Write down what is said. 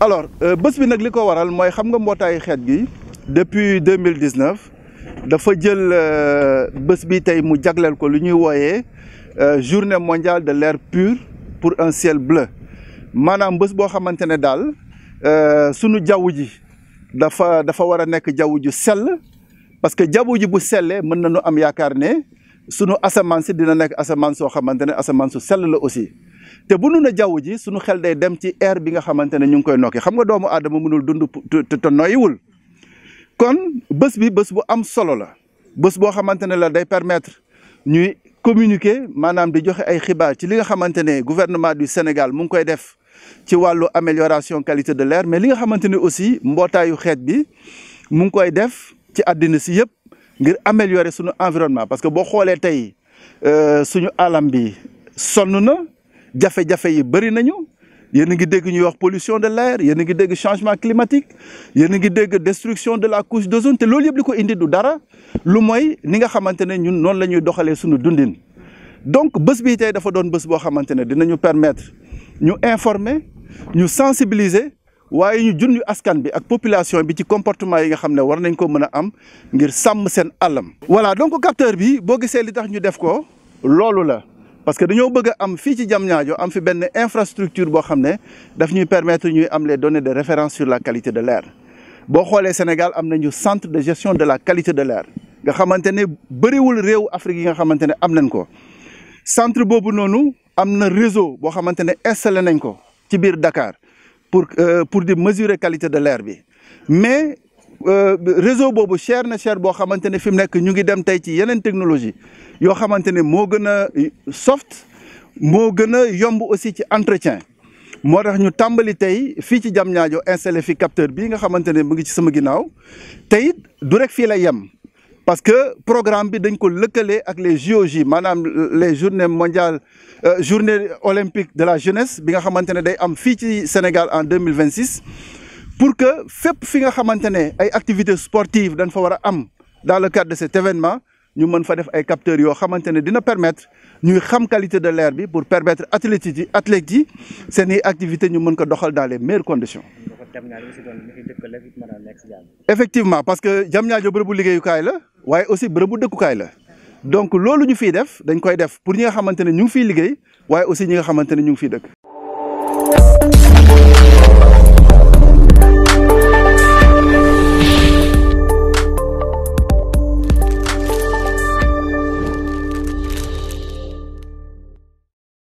alors euh, bés bi nag li waral moy xam nga mbotay xet gi depuis 2019, dafa jël euh, bëss bi tay mu ko lu euh, journée mondiale de l'air pur pour un ciel bleu Manam bëss bo xamantene dal. euh suñu jaww ji dafa dafa wara nek nekk ju parce que jaww ji bu selé mën nañu am yaakaar ne sunu asamaan dina nek asamaan so xamantene ne su aussi. te bu nu na jaww ji suñu xel day dem ci air bi nga xamante ne ñu ngi koy nokki xam nga doomu adama mënul dund te te noyiwul kon bés bi bés bu am solo la bës boo xamante ne la day permettre ñuy communiquer maanaam di joxe ay xibaar ci li nga xamante ne gouvernement du Sénégal mu ngi koy def ci wàllu amélioration qualité de l'air mais li nga xamante ne aussi mbootaayu xeet bi mu ngi koy def ci àddina si yëpp ngir améliorer suñu environnement parce que boo xoolee tey euh, suñu alam bi sonn na. jafé jafé yi bari nañu yéen ngi dégg ñuy wax pollution de l'air yéen ngi dégg changement climatique yéen ngi dégg destruction de la couche d'ozone té loolu yëpp li indi du dara lu moy ni nga xamantene ñun non lañuy doxalé suñu dundin donc bëss bi tay dafa doon bëss bo xamantene dinañu permettre ñu informer ñu sensibiliser waaye ñu junj askan bi ak population bi ci comportement yi nga xam ne war nañ ko mën a am ngir sàmm seen alam voilà donc capteur bi boo gisee li tax ñu def ko loolu la parce que dañoo bëgg a am fii ci am fi benn infrastructure bo xamné daf ñuy permettre ñuy am les données de référence sur la qualité de l'air bo xolé Sénégal am nañu centre de gestion de la qualité de l'air nga xamantene ne bëriwul réew Afrique yi nga xamantene am nañ ko centre bobu nonu am na réseau bo xamantene ne installé nañ ko ci biir Dakar pour euh, pour de mesurer qualité de l'air bi mais Euh, réseau boobu chair na cher boo xamante ne fi mu nekk ñu ngi dem tey ci yeneen technologie yoo xamante ne moo gën a soft moo gën a yomb aussi ci entretien moo tax ñu tàmbali tey fii ci Diamniadio installé fi capteur bii nga xamante ne mu ngi ci sama ginnaaw tey du rek fii lay yem parce que programme bi dañ ko lëkkale ak les JOJ maanaam le journées mondiales euh, journée olympique de la jeunesse bi nga xamante ne day am fii ci Sénégal en deux mille vingt six pour que fep fi nga xamantene ay activités sportives dañ fa wara am dans le cadre de cet événement ñu mën fa def ay capteurs yo xamantene ne dina permettre ñuy xam qualité de l'air bi pour permettre athlètes yi athlètes yi seen activités ñu mën ko doxal dans les meilleures conditions. effectivement parce que Diamniadio bërëbu kay la waye aussi bërëbu kay la donc lolu ñu fiy def dañ koy def pour ñi nga xamantene ñu fiy liggéey waye aussi ñi nga xamantene ñu fiy dëkk.